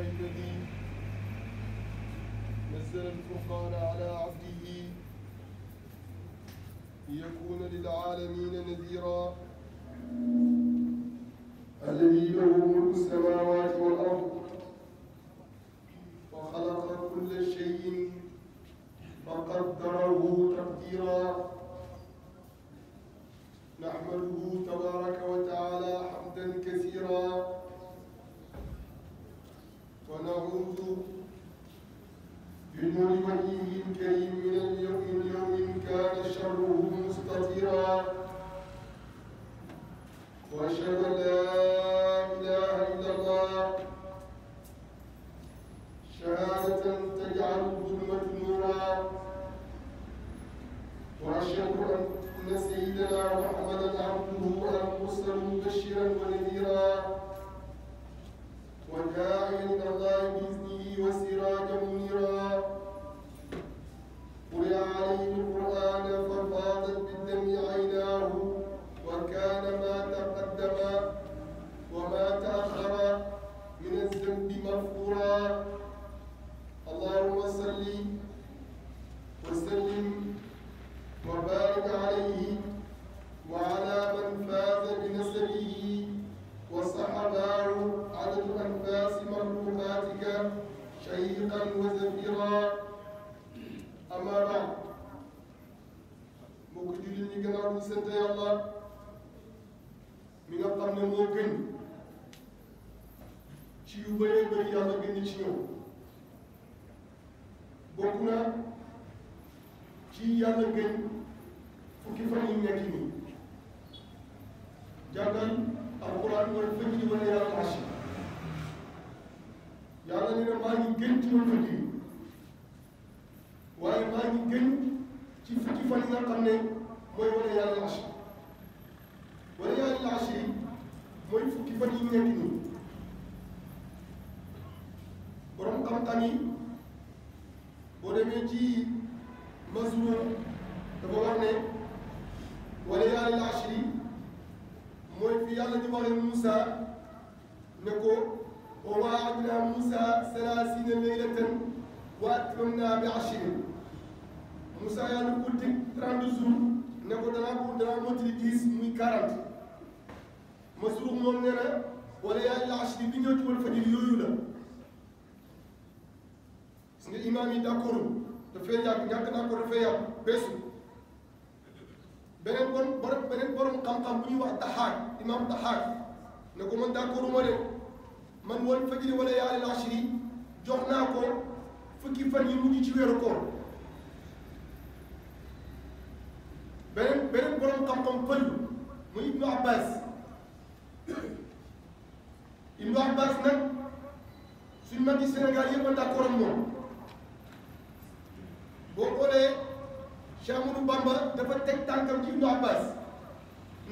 الذي نزل الفرقان على عبده ليكون للعالمين نذيرا الذي له ملك السماوات والأرض الكريم إلى اليوم كان شره مستطيرا وأشهد أن لا xam-xam yi boo demee ci masrur dafa wax ne wala yàlla laachi mooy fi yàlla ñu waxee Moussa ne ko wa waa'adnaa Moussa salaasiina laylatan wa atmamnaa bi ashrin Moussa yàlla ko dig ne ko danaa ko danaa mottali dix muy quarante masrur moom nee na wala yàlla laachi yi bi ñëw ci wal fajir yooyu nga imaam yi d'accord dafay yàgg ñàkk naa ko dafay yàgg beesu beneen bon borom beneen borom xam-xam bu ñuy wax daxaak imaam daxaak ne ko man d'accord ma de man wal fajiri wala yaali laashir yi naa ko fukki fan yi mujj ci weeru koor beneen beneen borom xam-xam pël muy Ibnu Abbas Ibnu Abbas nag suñu mag yi Sénégal yëpp a d'accord ak moom. boo xoolee Cheikh Amadou Bamba dafa teg tànkam ci Ibnu Abbas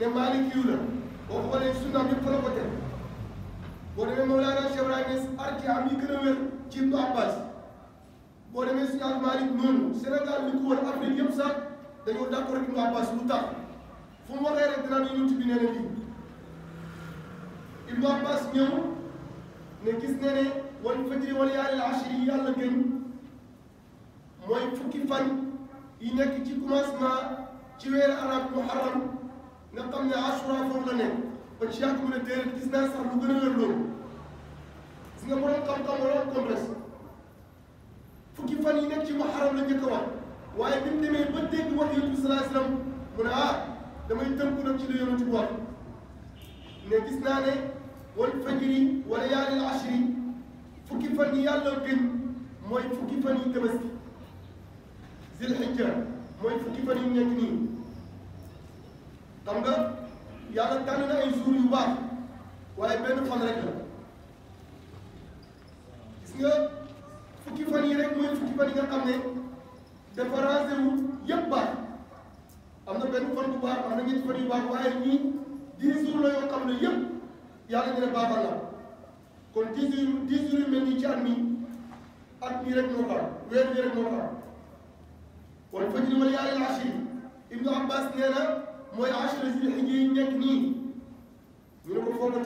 ne Maalik yu la boo xoolee sunna bi fa la ko teg boo demee Mawlaana Cheikh Ibrahima arji am yi gën a wér ci Ibnu Abbas boo demee si al Maalik noonu Sénégal li ko wër Afrique yëpp sax dañoo d'accord Ibnu Abbas lu tax fu mu waxee rek dinaa ñu yonent bi nee na lii Ibnu Abbas ñëw ne gis ne ne wal fajri wal layaalin al ashri yàlla gën mooy fukki fan yi nekk ci commencement ci weeru arab muharram nga xam ne asura foofu la nekk ba ci yàgg mu ne déedéet gis naa sax lu gën a wér loolu gis nga borom xam-xam wala fukki fan yi nekk ci muharram la njëkk a wax waaye bi mu demee ba dégg wax yonent bi sallallahu alayhi mu ne ah damay tënku nag ci la yonent bi ne gis naa ne wal fajri wa layaalin ashri fukki fan yi yàlla gën mooy fukki fan yi tabaski zil hijja mooy fukki fan yu nekk nii xam nga yàlla tànn na ay jour yu baax waaye benn fan rek la gis nga fukki fan yi mooy fukki fan yi nga xam ne dafa rangé wu yëpp baax am na benn fan bu baax am na ñetti fan yu baax waaye ñii dix jours la yoo xam ne yëpp yàlla ñu ne baaxal la kon dix jours dix jours yu mel nii ci at mi at mi rek moo baax weer bi rek moo wal fajri wal yaali al ashri ibnu abbas nee na mooy ashra si xëj yi nekk nii ne ko mu ne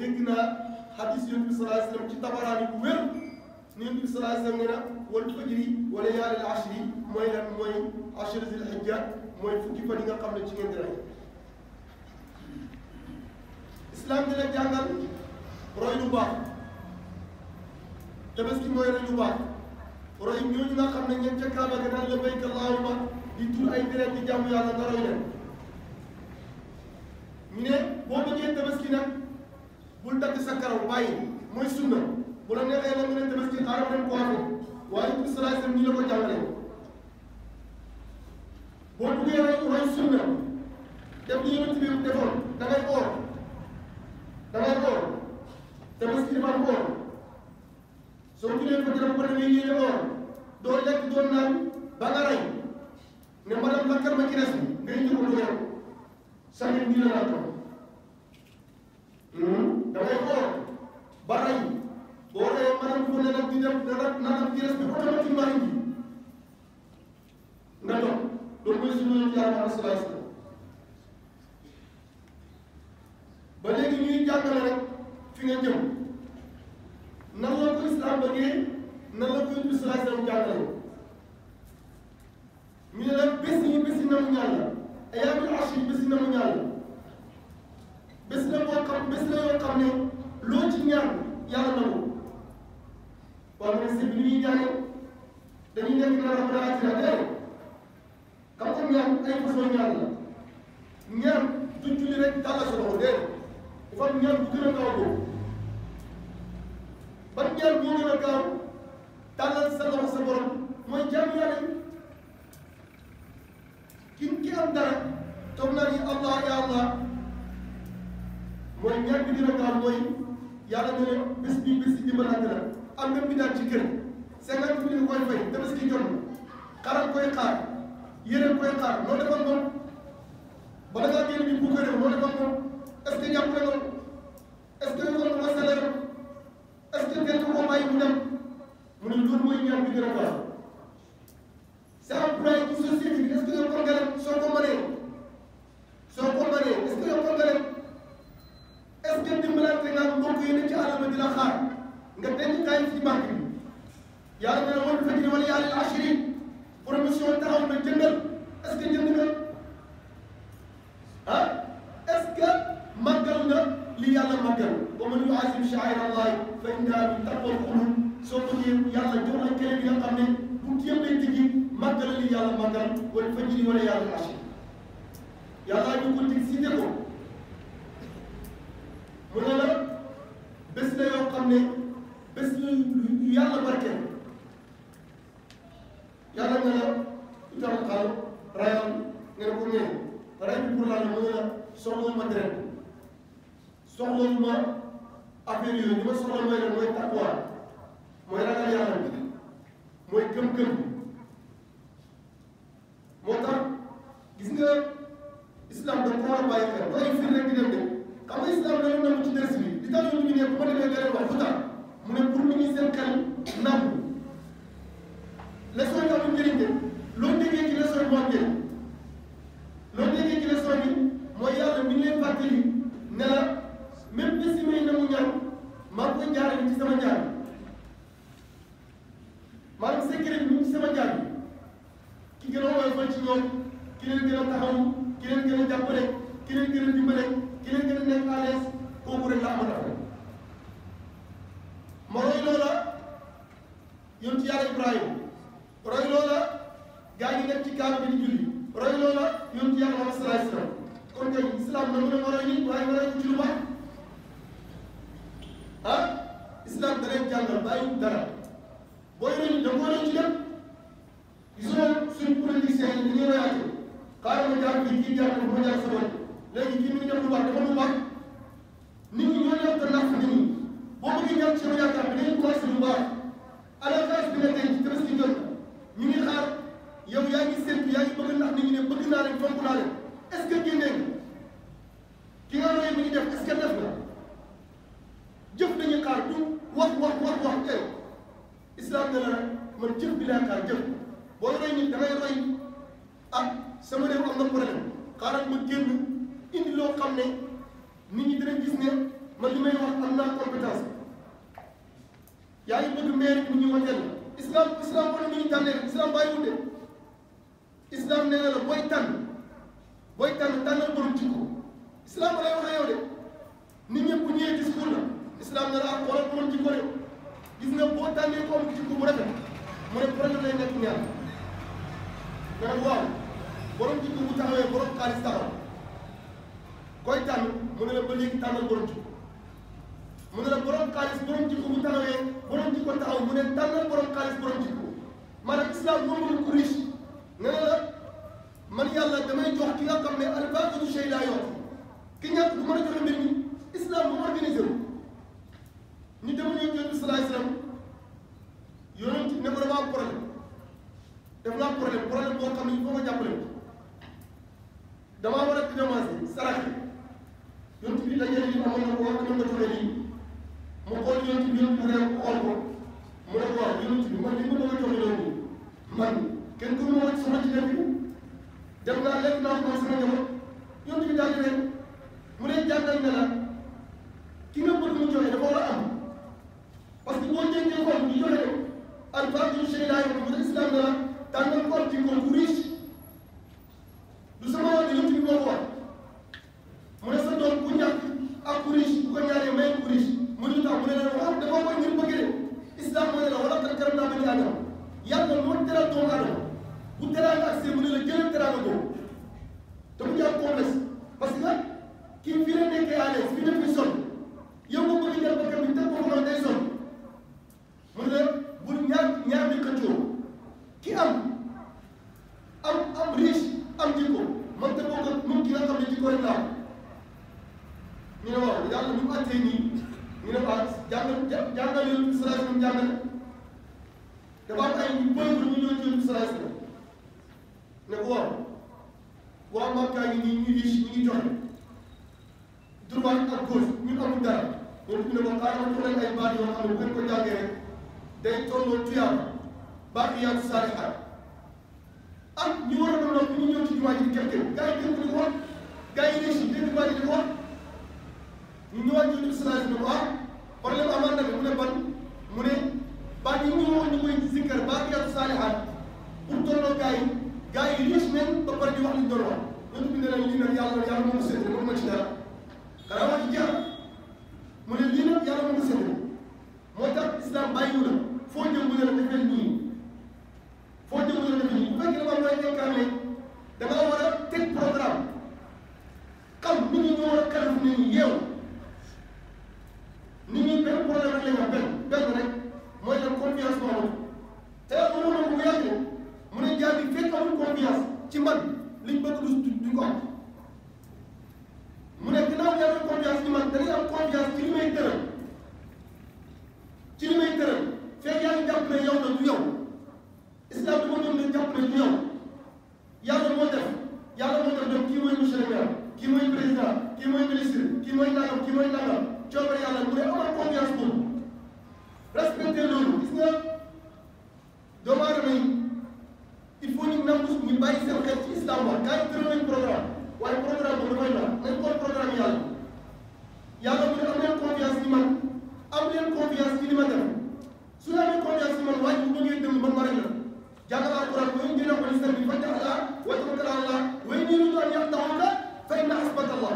dégg naa hadis yonent bi sallallahu alayhi wasallam ci tabaraani bu wér ni yonent bi sallallahu alayhi wasallam nee na wal fajri wa layaali al ashri mooy lan mooy ashra si mooy fukki fan yi nga xam ne ci ngeen di rey islam dina jàngal roy lu baax tabaski mooy roy baax ngeen ca Kaaba ga naan labbayka allahumma di tur ay deret di jàmm yàlla daroy leen ñu ne boo bëggee tabaski bul dagg sa karaw bàyyi mooy sunna bu la neexee nag nga ne tabaski xaaral dem coiffé waaye bi salaay sam ni la ko jàngale boo duggee rek roy sunna def li yonent bi defoon da ngay oor da ngay oor tabaski dafa am oor soo tuddee ko dina ko da ngay yéene oor doo lekk doo naan ba nga ne madame lakkal ma ci res bi ngay jël lu yow sànni nii la ko da ngay xool ba rey boo reyee ne nag di dem ne nag naan ci res bi automatiquement indi nga dox loolu mooy suñu jaaraama asalaas la ba léegi ñuy jàngale rek fi nga jëm nan la ko islam nan la ko bis laaj sam jàngal ñu ne la bés yi bés yi namu ñaan la ayaamul ash yi bés yi namu ñaan la bés la boo xam bés la yoo xam ne loo ci ñaan yàlla nangu waaw mu ne si bi ñuy ñaane dañuy nekk na rabbana atina déedéet xam nga ñaan ay façon ñaan la ñaan du julli rek dàlla sa loxo déedéet dafa am ñaan bu gën a gaaw boobu ban ñaan boo gën a gaaw tàllal sa loxo sa borom mooy jàmm yàlla ki ki am dara toog naa allah ya allah mooy ñaan bi dina gaaw mooy yàlla ne leen bés bi bés yi dimbalante la am nga biddaat ci kër cinquante mille koy fay tabaski jot xaral koy xaar yére koy xaar loolu defal moom bala ngaa génn bi bu ko def loolu defal moom est-ce que jàpp na loolu est-ce que loolu masala est-ce que kenn ko bàyyi mu dem gën a faral sa employé pour société bi est-ce que yow kon nga def soo ko mënee soo ko mënee est-ce que yow kon nga def est-ce que dimbalante nga mbokk yi ne ci àll bi dina xaar nga denc kaay ci banque bi yàlla na woon fa dina wala yàlla la ashirin promotion taxaw na jëndal est-ce que jënd nga ah est-ce que màggal na li yàlla màggal wa man yu'azzim sha'air Allah fa innaha min taqwa al-qulub soo bëggee yàlla jox la keneen nga xam ne bu yëppee tigi màggal li yàlla màggal wala fa jiri wala yàlla marché yàlla ñu ko dig si ko mu ne la bés la yoo xam ne bés lu yàlla nga la itam xaal rayal nga ne ko ñëw ray bi pour laa ne mu ne la ma deret soxla ma ma soxla mooy rek mooy mooy ragal yàlla bi mooy gëm-gëm bi moo tax gis nga islam da ko war a bàyyi xel wala fii rek di dem de xam nga islam dafa nangu ci ders bi li tax ñu ngi ne bu ma demee beneen wax lu tax mu ne pour nit ñi seen xel nangu leçon yi amul njëriñ de loolu déggee ci leçon yi moo njëriñ ko tey islam nangu na moroy waaye moroy ci lu baax ah, islam da leen jàngal bàyyiwul dara booy nañu da ci dem gisoo suñ politiciens yi dañuy royaatee xaaral ma jaar bi kii jaar ko ma jaar sa bopp léegi kii mi ngi def lu baax dafa lu ni nit ñi ñoo ñëw te nax nit ñi boo bëggee ñàkk sama yaakaar bi dañuy commencé lu baax à la place bi nga tey ci tërës ñu jot ñu ngi xaar yow yaa ngi seetlu yaa ngi bëgg ndax nit ñi ne bëgg naa leen fonk naa leen est-ce que génnee ki nga ne mi ngi def est-ce que def na jëf dañu xaar du wax wax wax wax tey eh. islam ne la man jëf bi laa xaar jëf roy nit dangay roy ah sama réew am na problème xaaral ma génn indi loo xam ne nit ñi dina gis ne man li may wax am naa compétence yaa ngi bëgg maire bi ñu wàññil islam islam wala ñu tànnee islam bàyyiwul de islam nee na la booy tànn booy tànn tànnal islam lay wax yow de nit ñëpp bu ñëwee discours la islam ne la ak xoolal ko ci ko de gis nga boo tànnee ko am ci ko bu rafet mu ne projet lay nekk ñaar nga ne waaw borom ci bu taxawee borom xaalis taxaw koy tànn mu ne la ba léegi tànnal borom ci mu ne la borom xaalis borom jikko bu taxawee borom jikko taxaw mu ne tànnal borom xaalis borom jikko maanaam islam moom ku riche nee na la man yàlla damay jox ki nga xam ne albaatu shay laa yor ki ñàkk bu mën a joxe mbir mi islam bu organisé wu ñu dem ñëw jot bi salaay salaam yonent ne ko dama am problème daf la am problème problème boo xam ne il faut nga jàppale ko damaa war a commencé sarax yonent bi dañu ne amoon na ko wax dama nga tuddee nii mu xool yonent bi yonent bi réew xool ko mu ne ko waaw yonent bi man li ma bëgg a joxe man kenn ku ma wàcc sama ci dem bi daal di leen mu ne jàngal ne la ki nga bëgg mu joxe dafa war a am parce que boo jëndee koom ñu joxe albatul sheylaay mu ne islam ne la tàngal koom ci koom bu riche du sama yoon yëpp ñu ko war mu ne sa doom bu ñàkk ak bu riche bu ko ñaaree may bu riche mu ne tax mu ne la wax dafa ko ngir bëgg de islam moo ne la wala tan karam naa ba ñu cause ñun amul dara donc ñu ne ma xaaral ma jox ay baat yoo xam ne bu ngeen ko jàngee rek day tolloo tuyaam baat yi yàgg saari xar ak ñu war a doon ñu ñëw ci jumaa ji di kef kef gars yi dégg ñu ko wax gars yi léegi dégg baat yi di ko wax ñu ñëwaat ñu ne salaire bi ko ah problème amaan na mu ne ban mu ne baat yi ñu wax ñu koy zikkar baat yi yàgg saari xar pour tolloo gars yi gars yi riche même ba pare di wax li ñu doon wax loolu bi ne la ñu ne yàlla yàlla moom seen moom ma ci dara dara ma ci mu ne lii nag yàlla mu sëñ moo tax islam bàyyiwu la foo jëm bu na la nii foo jëm bu ne la nii bu fekkee dafa am looy incarné da nga war a teg programme xam nit ñi ñoo war a kàlla fu yeewu nit ñi benn problème rek la ñu am rek. ngeen déglu man ma rek la jàngal alquran wa in dina ko lislam bi fajjal allah wa tawakkal allah wa in yuridu an yaqta'uka fa inna hasbaka allah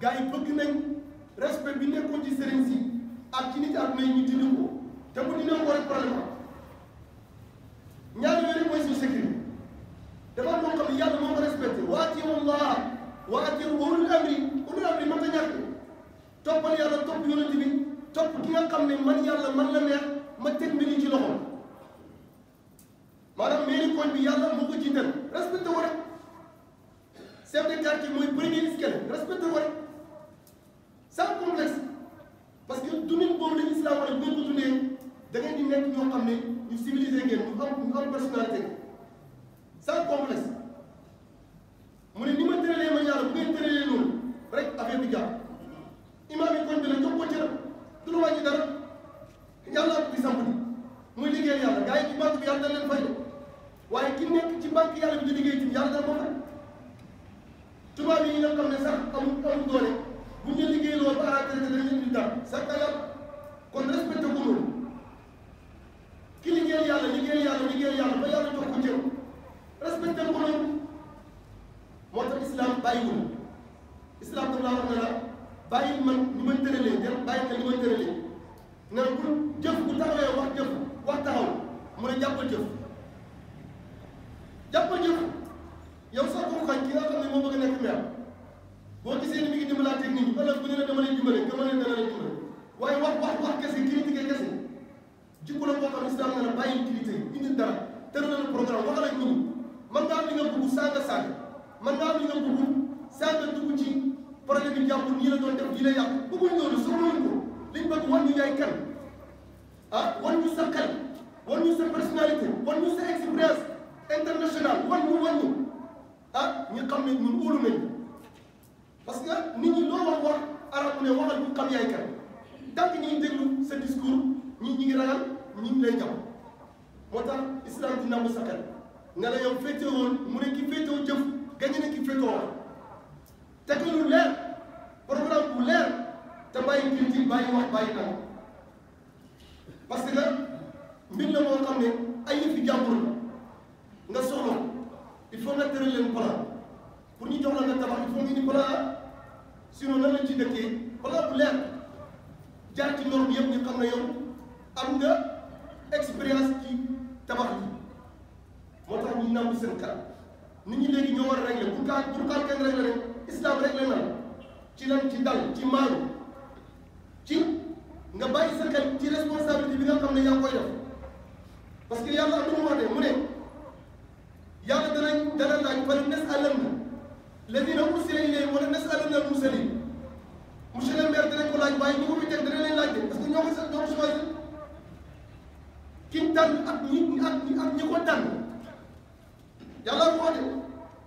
gars yi bëgg nañ respect bi nekk ci sëriñ si ak ci nit àdduna yi ñu dindi ko te bu dindi ko rek problème am ñaari yooyu mooy suñu sécurité dafa loo xam ne yàlla moo ko respecté wa atiiu Allah wa atiiu ulul amri ulul amri man ta ñàkk toppal yàlla topp yonent bi topp ki nga xam ne man yàlla ma la neex ma teg mbir yi ci loxo maanaam mairie koñ bi yàlla moo ko jiital respecté ko chef de quartier mooy premier escalier respecté ko rek sans complexe parce que dundin boobu lañu islam wala bu ko dundee da ngeen di nekk ñoo xam ne ñu civilisé ngeen ñu am ñu am personnalité sans mu ne ni ma tëralee ma ñaar bu ngeen tëralee loolu rek affaire bi jàpp imaam yi koñ bi la jox ko cëram du la wàññi dara yàlla ko di samp ni muy liggéeyal yàlla gars yi ci banque bi yàlla dañ leen fay waaye ki nekk ci banque yàlla di liggéey ci yàlla dana ko fay tubaab yi nga xam ne sax amul amul bu ñu liggéey loolu ba à la traité dañu indi dara sa talab kon respecté ko loolu ki liggéeyal yàlla liggéeyal yàlla liggéeyal yàlla ba yàlla jox ko jëm respecté ko loolu moo tax islam bàyyiwul islam dafa laa wax ne la bàyyi man ñu may tëralee jël bàyyi ka ñu may tëralee ne bu jëf bu taxawee wax jëf taxaw mu ne jàppal jëf jàppal jëf yow sax comme xaj ki nga xam ne moo bëgg a nekk maire boo gisee ni mi ngi dimbalaatee nit ñi ëllëg bu ñu ne dama leen dimbale dama leen dana leen dimbale waaye wax wax wax kese critiqué kese jikko la boo xam ne islam na la bàyyi critiqué indi dara tëralal programme wax la ñu mën ngaa am li nga bëgg saaga saaga mën ngaa am li nga bëgg saaga dugg ci problème bi jàpp nii la doon def nii la yàq bëgguñ loolu soxlawuñ ko liñ bëgg wan ñu yaay kan ah wan ñu sa xel wan ñu sa personnalité wan ñu sa expérience internationale wan ñu ah ñu xam ne ñun wóolu nañu parce que nit ñi loo wax wax arab ne waxal ñu xam yaay kan tant que ñuy déglu sa discours ñi ñi ngi ragal ñi ngi lay jàpp moo tax islam dina mu sakkan nga la yow féete ne ki féete woon jëf gañe ne ki féete woon teg lu leer programme bu leer te bàyyi critique bàyyi wax bàyyi naan parce que mbir la moo xam ne ay yëfi jàmbur la nga soxla il faut nga tëral leen plan pour ñu jox la nga tabax il faut nga indi plan sinon nan lañ ci dëkkee plan bu leer jaar ci norme yëpp ñu xam ne yow am nga expérience ci tabax yi moo tax ñu nangu seen kanam nit ñi léegi ñoo war a régler pour kaa pour kaa kenn régler islam régler na ci lan ci dal ci maanu ci nga bàyyi seen xel ci responsabilité bi nga xam ne yaa ngi koy def parce que yàlla du mu wax de mu ne. yàlla danañ dana laaj wala nasalanna lazina ursila ilayhim wala nasalanna al-mursalin monsieur le maire danañ ko laaj waaye ñu ko fi teg dana leen laaj de parce que ñoo ko ñoo ko choisir ki tànn ak ñi ak ñi ak ñi ko tànn yàlla ko de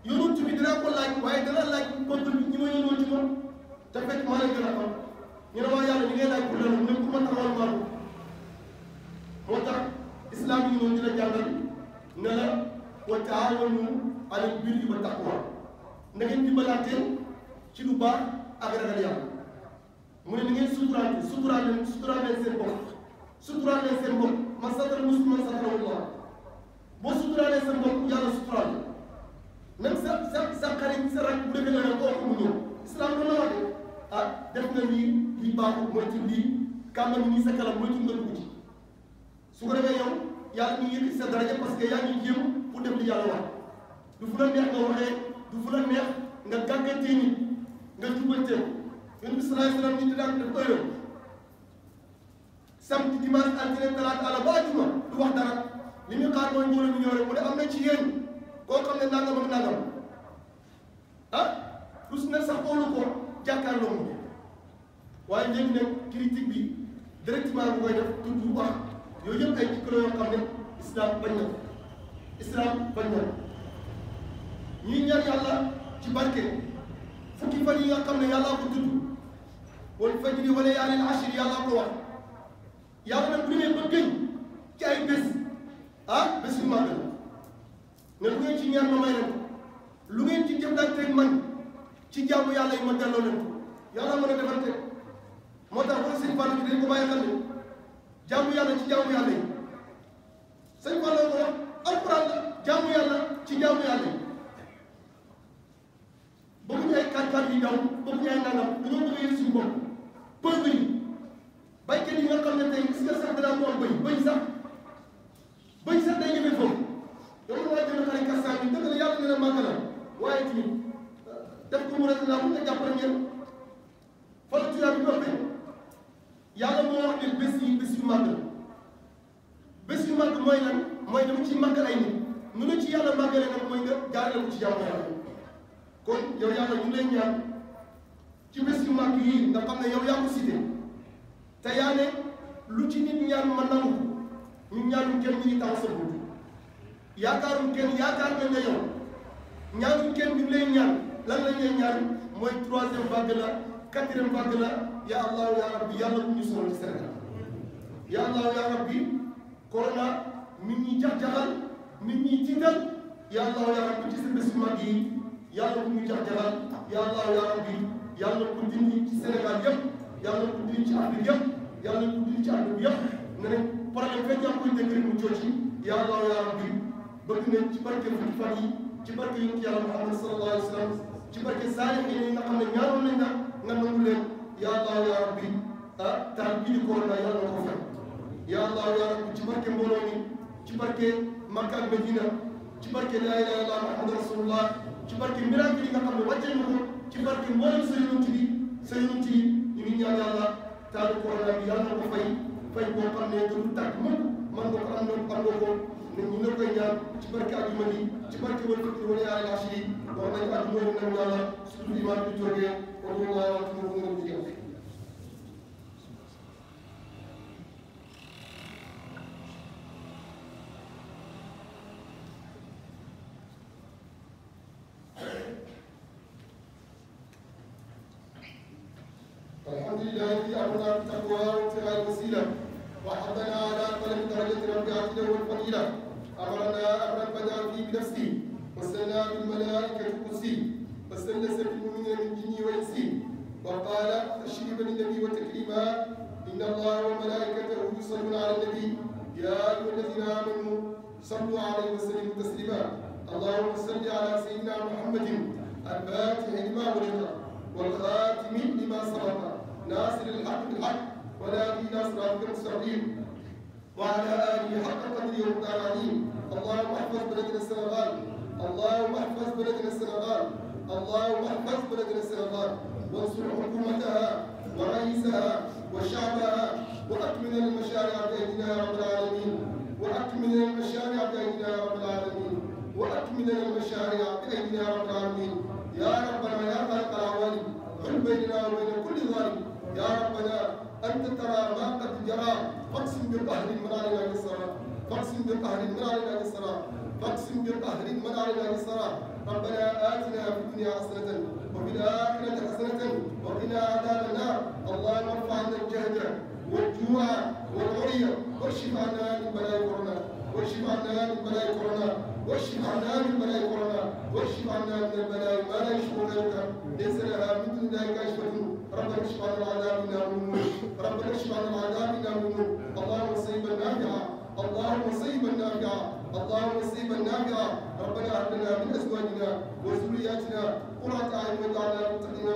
yonent bi dana ko laaj waaye dana laaj peuple bi ñi ma yónnoo ci moom te fekk maa leen gën a xam ñu ne waa yàlla ñu ngay laaj pour lan mu ne ku mën amal maanu moo tax islam yi noonu dina jàngal ne la wa taawanu alal birri wa taqwa na ngeen dimbalante ci lu baax ak ragal yàlla mu ne na ngeen suturaante suturaale suturaale seen bopp suturaale seen bopp man satara musliman satarahullah boo suturaale seen bopp yàlla suturaale même sa sa sa xarit sa rak bu defee la nga ko wax mu ñëw islam la la ah, def nga nii lii baaxul mooy ci ni sa kalam mooy ci yàlla ñu yëkkati sa daraja parce que yaa ngi jéem pour def li yàlla wax du fu la neex nga waxee du la neex nga gàggantee nit nga jubante yéen bi salaay salaam ñu di daan def heure samedi dimanche altine talaata àllarba àjjuma du wax dara li muy xaar mooy mbooloo mi ñëw rek mu ne am na ci yéen koo xam ne nangam ak nangam ah rus na sax xoolu ko jàkkaarloo mu waaye léegi nag critique bi directement bu koy def tudd wax yooyu yëpp ay jikko yoo xam ne islam bañ na ko islam bañ na ko ñuy ñaan yàlla ci barke fukki fan yi nga xam ne yàllaa ko tudd wal fajri wala yaalil ashri yàllaa ko wax yàlla nag bu demee ba gëñ ci ay bés ah bés yu màgg ne lu ngeen ci ñaan ma may leen lu ngeen ci jëm daal teg man ci jàmm yàlla yi ma delloo leen ko yàlla mën a defante moo tax wala seen bànn bi dañ ko bàyyi xel jaamu yàlla ci jaamu yàlla yi sëñ Fallou ko wax alxuraan la jaamu yàlla ci jaamu yàlla yi ba mu ñëwee kàttan yi daw ba mu ñëwee nangam dañoo bëgg yéen suñu bopp pël yi baykat yi nga xam ne tey gis nga sax danaa ko wax bëy bëy sax bëy sax day ñëwee foofu dama la waaj a xale kastaan bi dëgg la yàlla na màgg la waaye tamit def ko mu rek laa mun nga jàppale ngeen fala ci laa bi doppee yàlla moo wax ne bés yi bés yu màgg bés yu màgg mooy lan mooy dama ciy màggal ay nit nu la ci yàlla màggale mooy nga jaarale ko ci jàmm yàlla kon yow yàlla ñu ngi lay ñaan ci bés yu màgg yii nga xam ne yaa ko cité te yaa ne lu ci nit ñaan ma nangu ñu ñaanu kenn ñi taxaw sa bunt yaakaaruñ kenn yaakaar nañ ne ñaa ñaanuñ kenn ñu ngi lay ñaan lan la ñuy ñaan mooy troisième vague la quatrième vague la. yaa allah yaa rabbi yàlla bu ñu sonal ci Sénégal yaa allah yaa rabbi corona nit ñi jax-jaxal nit ñi tiital yaa allah yaa rabbi ci sa bés bu mag yi yàlla bu ñu jax-jaxal yaa allah yaa rabbi yàlla bu dindi ci Sénégal yëpp yàlla bu dindi ci Afrique yëpp yàlla bu dindi ci Afrique yëpp nga ne problème fekk yaa koy dégg mu jot ci yaa allah yaa rabbi bëgg nañ ci barke fukki fan yi ci barke yonent yàlla Muhammad sallallahu alayhi wa sallam ci barke saalihiin yi nga xam ne ñaaroon nañ la nga nangu leen ya allah ya rabbi ah taal bii di Corona yàlla ko fay ya allah ya rabbi ci barke mbooloo mi ci barke Makka ak Medina ci barke laa ilaaha illallaah Muhammadu rasulullah ci barke miracle yi nga xam ne wàccee ko ci barke mboolem sa yonent bi sa yonent yi ñu ngi ñaan yàlla taal Corona bi yàlla ko fay fay boo xam ne du tàkk mukk mën nga ko nit ñi ñoo koy ñaan ci barke àjjuma yi ci barke wala fukki wala yaay laas yi wax nañu àjjuma yi nag ñaan la surtout imaam bi jógee kon ñu ñaan la ci moom mu jigéen الحمد لله الذي امرنا بالتقوى وابتغاء الوسيله وحثنا على طلب درجه رفيعه والفضيله أمرنا أن ربنا في بنفسي وسنى بالملائكة القدسي فسلس المؤمنين من جني وإنسي وقال تشريفا للنبي وتكريما إن الله وملائكته يصلون على النبي يا أيها الذين آمنوا صلوا عليه وسلموا تسليما اللهم صل على سيدنا محمد الفاتح لما ولد والخاتم لما سبق ناصر الحق بالحق ولا في ناصر المستقيم وعلى آله حق قدره وتعاليم اللهم احفظ بلدنا السنغال اللهم احفظ بلدنا السنغال اللهم احفظ بلدنا السنغال وانصر حكومتها ورئيسها وشعبها واكمل المشاريع بايدينا يا رب العالمين واكمل المشاريع بايدينا يا رب العالمين واكمل المشاريع بايدينا يا رب العالمين يا ربنا يا خالق العوالم حل بيننا وبين كل ظالم يا ربنا انت ترى ما قد جرى فاقسم بالقهر من علينا بالصلاة فاقسم بالقهر من علينا بالصلاة فاقسم بالقهر من علينا بالصلاة ربنا آتنا في الدنيا حسنة وفي الآخرة حسنة وقنا عذاب النار اللهم ارفع عنا الجهد والجوع والعري واشف عنا من بلاء كورونا واشف عنا من بلاء كورونا واشف عنا من بلاء كورونا واشف عنا من البلاء ما لا يشعرونك ليس لها من دون ذلك كاشفة ربنا اشف عنا العذاب من ربنا اشف عنا العذاب من اللهم صيبا نافعا اللهم صيبا نافعا اللهم صيبا نافعا ربنا هب لنا من ازواجنا وذرياتنا قرة اعين واجعلنا للمتقين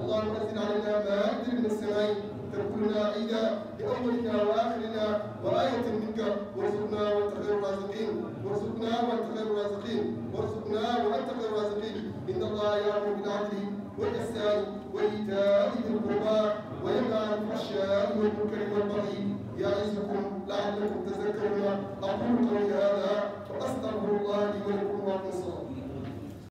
اللهم انزل علينا مائدة من السماء تكلنا عيدا باولنا واخرنا وآية منك وارزقنا وانت خير الرازقين وارزقنا وانت خير الرازقين وارزقنا وانت خير الرازقين ان الله يامر بالعدل والاحسان وايتاء ذي القربى وينهى عن الفحشاء والمنكر والبغي يعظكم لعلكم تذكرون أقول قولي هذا وأستغفر الله لي ولكم وأقول